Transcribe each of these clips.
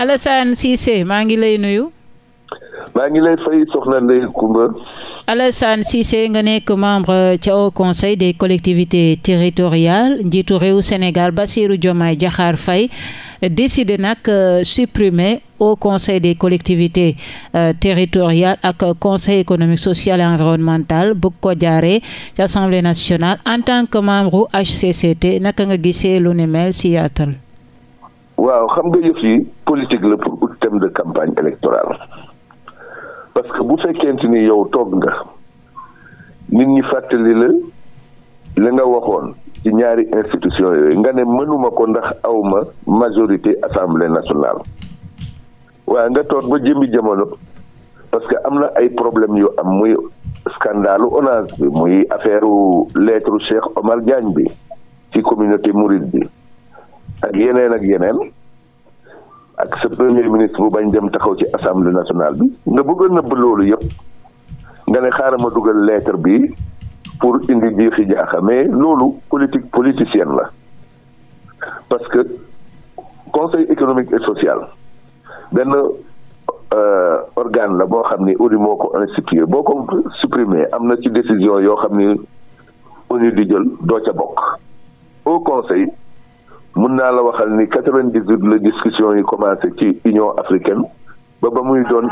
Alassane maa ngi lay nuyu. maa ngi lay fay soxna Ndeye Comba. Alassane Cissé nga nekk membre euh, ca Haut Conseil des collectivités territoriales njiitu réew Sénégal Bassirou Diomaye Diakhar fay décidé nag euh, supprimer au Conseil des collectivités euh, territoriales ak Conseil économique social et environnemental bëgg ko jaaree ci Assemblée nationale en tant que membre HCCT naka nga gisee lu ni mel si waaw xam nga yëf yi politique la pour ut thème de campagne électorale parce que bu fekkente ni yow toog nga nit ñi fàttali la li nga waxoon ci ñaari institution yooyu nga ne mënuma ko ndax awma majorité assemblée nationale waaye nga toog ba jëmmi jamono parce que am na ay problème yu am muy scandale ONAS bi muy affaire lettre Cheikh Omar Diagne bi ci communauté mouride bi ak yeneen ak yeneen ak sa premier ministre bu bañ dem taxaw ci assemblée nationale bi nga bëgg a nëbb loolu yëpp nga ne xaaral ma dugal lettre bi pour indi jiixi jaaxa mais loolu politique politicienne la parce que conseil économique et social benn euh, organe la boo xam ni ONU moo ko institué boo ko supprimé am na ci décision yoo xam ni ONU di jël doo ca bokk au conseil mun naa la waxal ni quatre-vingt-dix-huit la discussion yi commencé ci Union africaine ba ba muy doon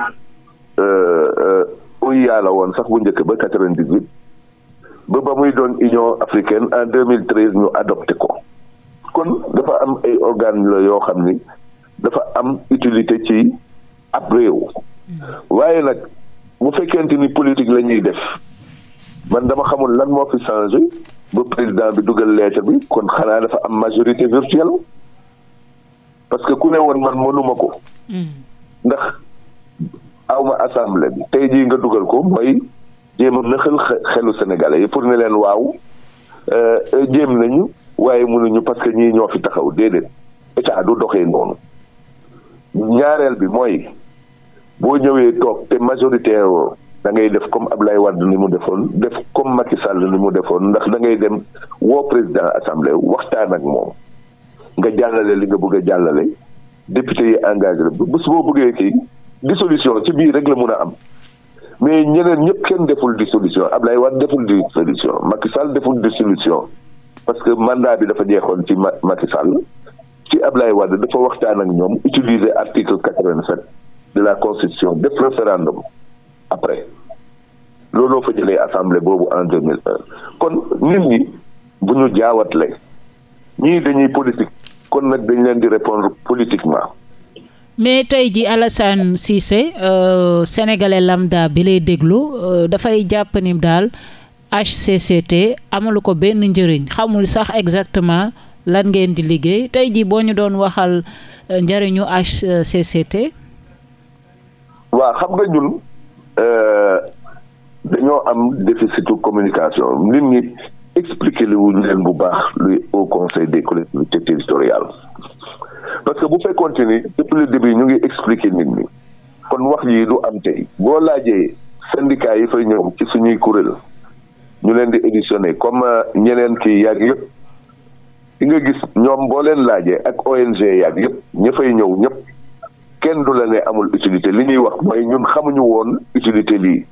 euh, euh, OUA la woon sax bu njëkk ba quatre vingt ba ba muy doon Union africaine en deux mille treize ñu adopté ko kon dafa am ay organes la yoo xam ni dafa am utilité ci ab réew waaye nag bu fekkente ni politique la ñuy def man dama xamul lan moo fi changé ba président bi dugal lettre bi kon xanaa dafa am majorité virtuelle parce que ku ne woon man mënuma ko. Hmm. ndax awma assemblée bi tey jii nga dugal ko mooy jéem a nëxal xelu sénégalais yi pour ne leen waaw euh, jéem nañu waaye mënuñu parce que ñii ñoo fi taxaw déedéet état du doxee noonu ñaareel bi mooy boo ñëwee toog te majorité woo da ngay def comme ab lay Wade ni mu defoon def comme Macky Sall ni mu defoon ndax da ngay dem woo président assemblée waxtaan ak moom nga jàllale li nga bëgg a jàllale député yi engagé la bés boo bëggee kii dissolution ci biir rek la mun a am mais ñeneen ñëpp kenn deful dissolution lay Wade deful dissolution Macky Sall deful dissolution parce que mandat bi dafa jeexoon ci Macky Sall ci Ablaye Wade dafa waxtaan ak ñoom utiliser article quatre-vingt-sept la constitution def référendum après looloo fa jëlee assemblée boobu en deux mille un kon nit ñi bu ñu jaawatle ñii dañuy politique kon nag dañ leen di répondre politiquement. mais tey ji Alassane Cissé euh, sénégalais bi lay déglu euh, dafay jàpp ni daal t amalu ko benn njëriñ xamul sax exactement lan ngeen di liggéey tey ji boo ñu doon waxal euh, njëriñu t waaw xam nga ñun Euh, dañoo am déficitu communication nit ñi expliqué li wuñ leen bu baax luy au conseil des collectivités territoriales parce que bu fekkoon te ni depuis le début ñu ngi expliqué nit ñi kon wax yi du am tey boo laajee syndicat yi fay ñëw ci suñuy kuréel ñu leen di éditionné comme euh, ñeneen ki yàgg yëpp di nga gis ñoom boo leen laajee ak ONG yàgg yëpp ña fay ñëw ñëpp kenn du la ne amul utilité li ñuy wax mooy ñun xamuñu woon utilité lii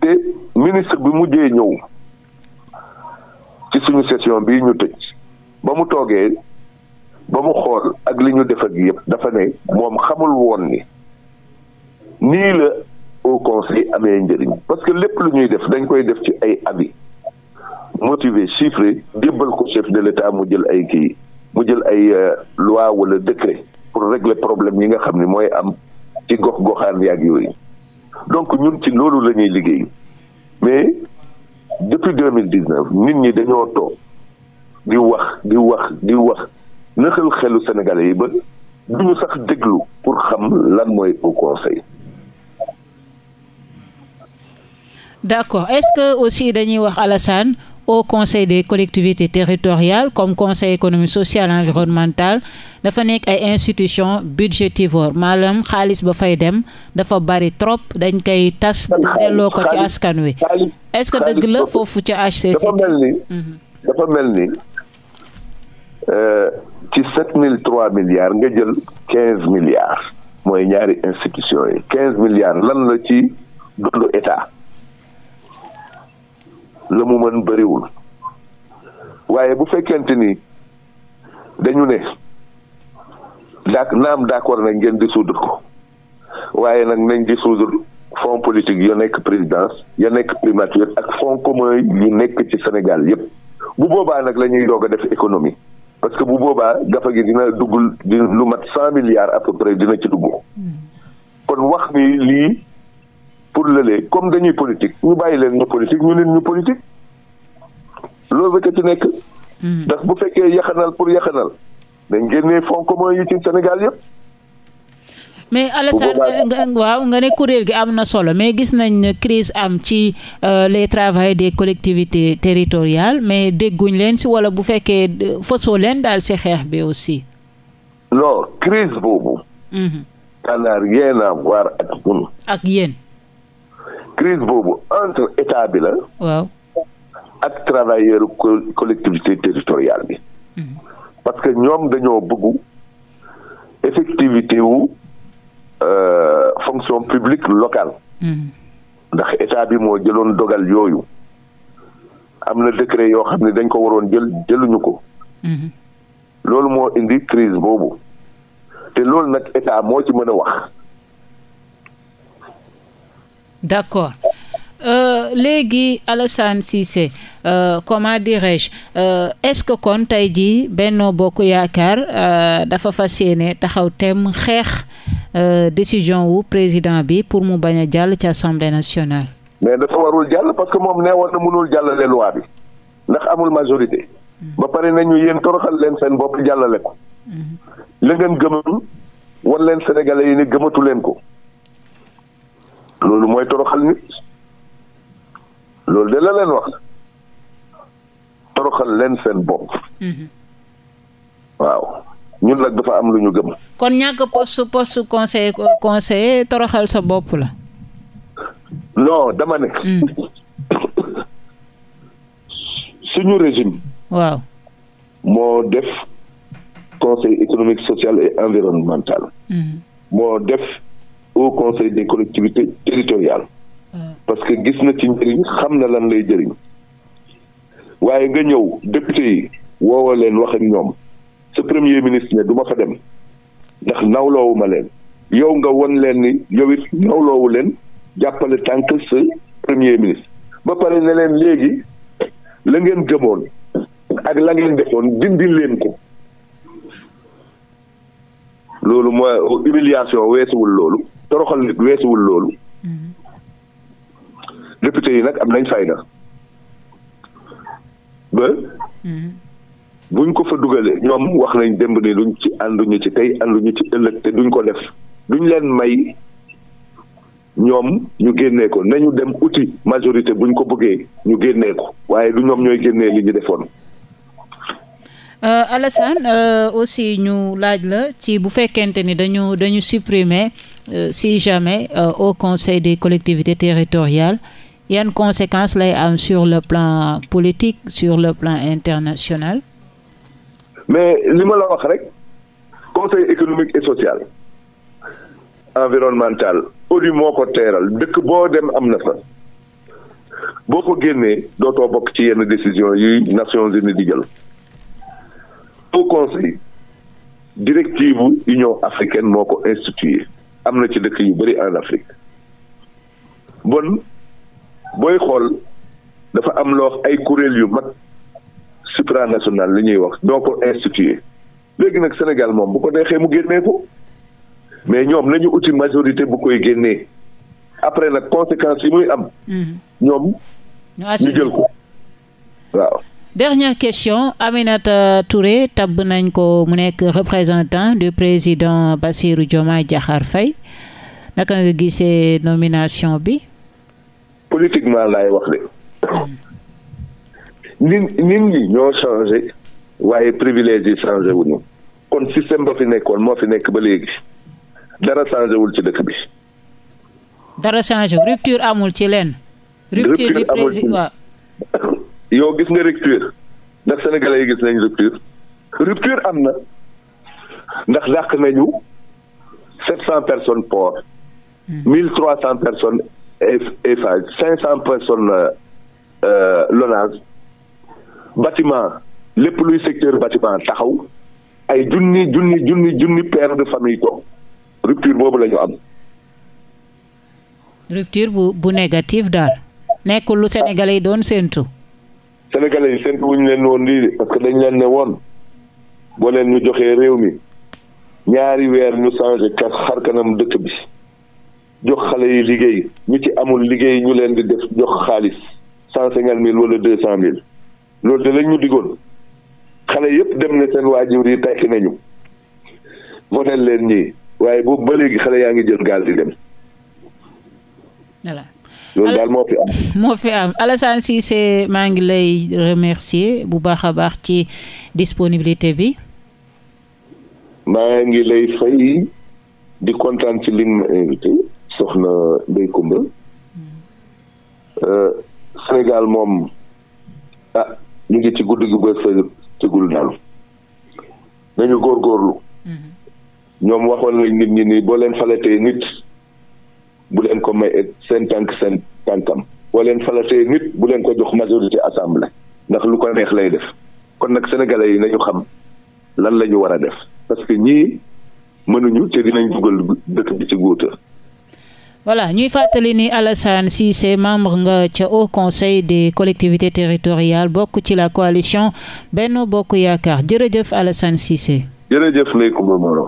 te ministre bi mujjee ñëw ci suñu session bi ñu tëj ba mu toogee ba mu xool ak li ñu def ak yëpp dafa ne moom xamul woon ni nii la au conseil amee njëriñ parce que lépp lu ñuy def dañ koy def ci ay avis motivé chiffré jébbal ko chef de l' mu jël ay kii mu jël ay euh, loi wala décret pour régler problème yi nga xam ni mooy am ci gox goxaan yaag yooyu donc ñun ci loolu lañuy liggéey mais depuis deux mille dix nit ñi dañoo toog di wax di wax di wax nëxal xelu Sénégalais yi ba du sax déglu pour xam lan mooy au conseil. d'accord est aussi dañuy wax Alassane au conseil des collectivités territoriales comme conseil économique social environnemental dafa nekk ay institution budgétivore maanaam xaalis ba fay dem dafa bari trop dañ koy tas delloo ko ci askan wi est-ce que dëgg la foofu ci HCCT dafa mel mhm. euh, mille trois milliards nga jël milliards mooy ñaari institution yi milliards lan la ci dundu état la mu mën bëriwul waaye bu fekkente ni dañu ne dak naam d'accord nañ ngeen dissoudre ko waaye nag nañ dissoudre fonds politique yu nekk présidence ya nekk primature ak fonds commun yu nekk ci Sénégal yépp bu boobaa nag la ñuy doog a def économie parce que bu boobaa dafa gi dina duggul di lu mat cent milliards à peu près dina ci dugg hmm. kon wax ni lii pour lëlee comme dañuy politique ñu bàyyi leen ñu politique ñu leen ñu politique loolu rek ci nekk. Hmm. ndax bu fekkee yaxanal pour yaxanal dañ génnee fonds commun yi ci Sénégal yëpp. mais Alassane waaw nga ne kuréel gi am na solo mais gis nañ crise am ci euh, les travailleurs des collectivités territoriales mais dégguñ leen si wala bu fekkee euh, fasoo leen daal si xeex bi aussi. non crise boobu. Hmm. ça n'a rien ak ñun. crise boobu entre état bi la. waaw ak travailleur collectivité territoriale bi. Mhm. parce que ñoom dañoo bëgg effectivité euh, fonction publique local mhm. ndax état bi moo jëloon dogal yooyu am na décret yoo xam ne dañ ko waroon jël jëluñu ko. Mhm. loolu moo indi crise boobu te loolu nag état moo ci mën a wax. d' accord euh, léegi Alassane Cissé euh, comment dirais-je euh, est ce que kon tey jii Benno Bokk Yaakaar euh, dafa fa yéene taxaw tem xeex euh, décision wu président bi pour mu bañ a jàll ci assemblée nationale. mais dafa warul jàll parce que moom nee woon na mënul jàllale loi ndax amul majorité. Mm-hmm. ba pare nañu yéen toroxal leen seen bopp jàllale ko. Mm-hmm. la ngeen gëmoon wan leen sénégalais yi ni gëmatu leen ko. mooy toroxal nit loolu de la leen wax toroxal leen seen bopp. Mhm. waaw ñun nag dafa am lu ñu gëm. kon ñàkk poste poste conseil conseiller toroxal sa bopp la. non dama ne. Mm. suñu régime. waaw. moo def conseil économique social et environnemental. Mm. moo def. au conseil des collectivités territoriales. Hmm. parce que gis na ci njëriñ xam na lan lay jëriñ. waaye nga ñëw député yi woowa leen wax ak ñoom sa premier ministre ne du ma fa dem ndax nawloowu ma leen yow nga won leen ni yow it nawloowu leen jàppale tànk sa premier ministre ba pare ne leen léegi la ngeen gëmoon ak la ngeen defoon dindi leen ko loolu mooy humiliation weesuwul loolu toroxal nit weesuwul loolu mm-hmm. député yi nag am nañ na ba mm-hmm. buñ ko fa dugalee ñoom wax nañ démb ni duñ ci ànduñu ci tey ñu ci ëllëg te duñ ko def duñ leen may ñoom ñu génnee ko nañu dem uti majorité buñ ko bëggee ñu génnee ko waaye du ñoom ñooy génnee li ñu defoon Euh, Alassane euh, aussi ñu laaj la ci bu fekkente ni dañu dañu supprimer euh, si jamais au conseil des collectivités territoriales yan conséquences la am sur le plan politique sur le plan international. mais li ma la wax rek conseil économique et social environnemental ONU moo ko teeral dëkk boo dem am na fa boo ko génnee dootoo bokk ci yenn décision yuy Nations Unies di jël. au conseil directive union africaine moo ko institué am na ci dëkk yu bëri en Afrique bon booy xool dafa am loo ay kuréel yu mag supranational li ñuy wax doo ko institué léegi nag Sénégal moom bu ko neexee mu génnee ko mais ñoom ñu uti majorité bu koy génnee après nag conséquences yi muy am mm-hmm. ñoom ñu jël ko waaw dernière question Aminata Touré tabb nañ ko mu nekk représentant du président Bassirou Diomaye Diakhar Faye naka nga gisee nomination bi politiquement laay wax de nit nit ñoo changé waaye privilège yi changé wuñu kon système ba fi nekkoon moo fi nekk ba léegi dara changé wul ci dëkk bi dara changé rupture amul ci leen rupture bi président yow gis nga rupture ndax sénégalais yi gis nañ rupture rupture am na ndax dàq nañu sept cent personnes port hmm. mille trois cent personnes Eiffage cinq cent personnes euh, euh, Lonase bâtiment lépp luy secteur bâtiment taxaw ay junni junni junni junni père de famille toog rupture boobu la ñu am rupture bu bu négative daal nekkul lu Sénégalais yi doon séentu sénégalais yi seen wuñu leen woon lii parce que dañ leen ne woon boo leen ñu joxee réew mi ñaari weer ñu changé kat xar kanam dëkk bi jox xale yi liggéey ñu ci amul liggéey ñu leen di def jox xaalis cent cinquante mille wala deux cent mille loolu de lañ ñu digoon xale yépp dem ne seen waajur yi tekki nañu votel leen ñii waaye boobu ba léegi xale yaa ngi jël gaal di dem loolu daal moo fi am. moo fi am Alassane Cissé maa ngi lay remercier bu baax a baax ci disponibilité bi. maa ngi lay fay di kontaan ci li ma invité soxna Ndeye Comba mm. euh, Sénégal moom ah ñu ngi ci guddi gi ba sa tëgul daal nañu góorgóorlu. Mm-hmm. ñoom waxoon nañ nit ñi ni boo leen falatee nit. bu leen ko may seen tànk seen tànkam boo leen falatee nit bu leen ko jox majorité assemblée ndax lu ko neex lay def kon nag sénégalais yi nañu xam lan lañu ñu war a def parce que ñii mënuñu te dinañ dugal dëkk bi ci guuta voilà ñuy fàttali ni Alassane Cissé membre nga ca Haut Conseil des collectivité territoriales bokk ci la coalition benn Bokk Yaakaar jërëjëf Alassane Cissé jërëjëf Ndeye Comba Moreau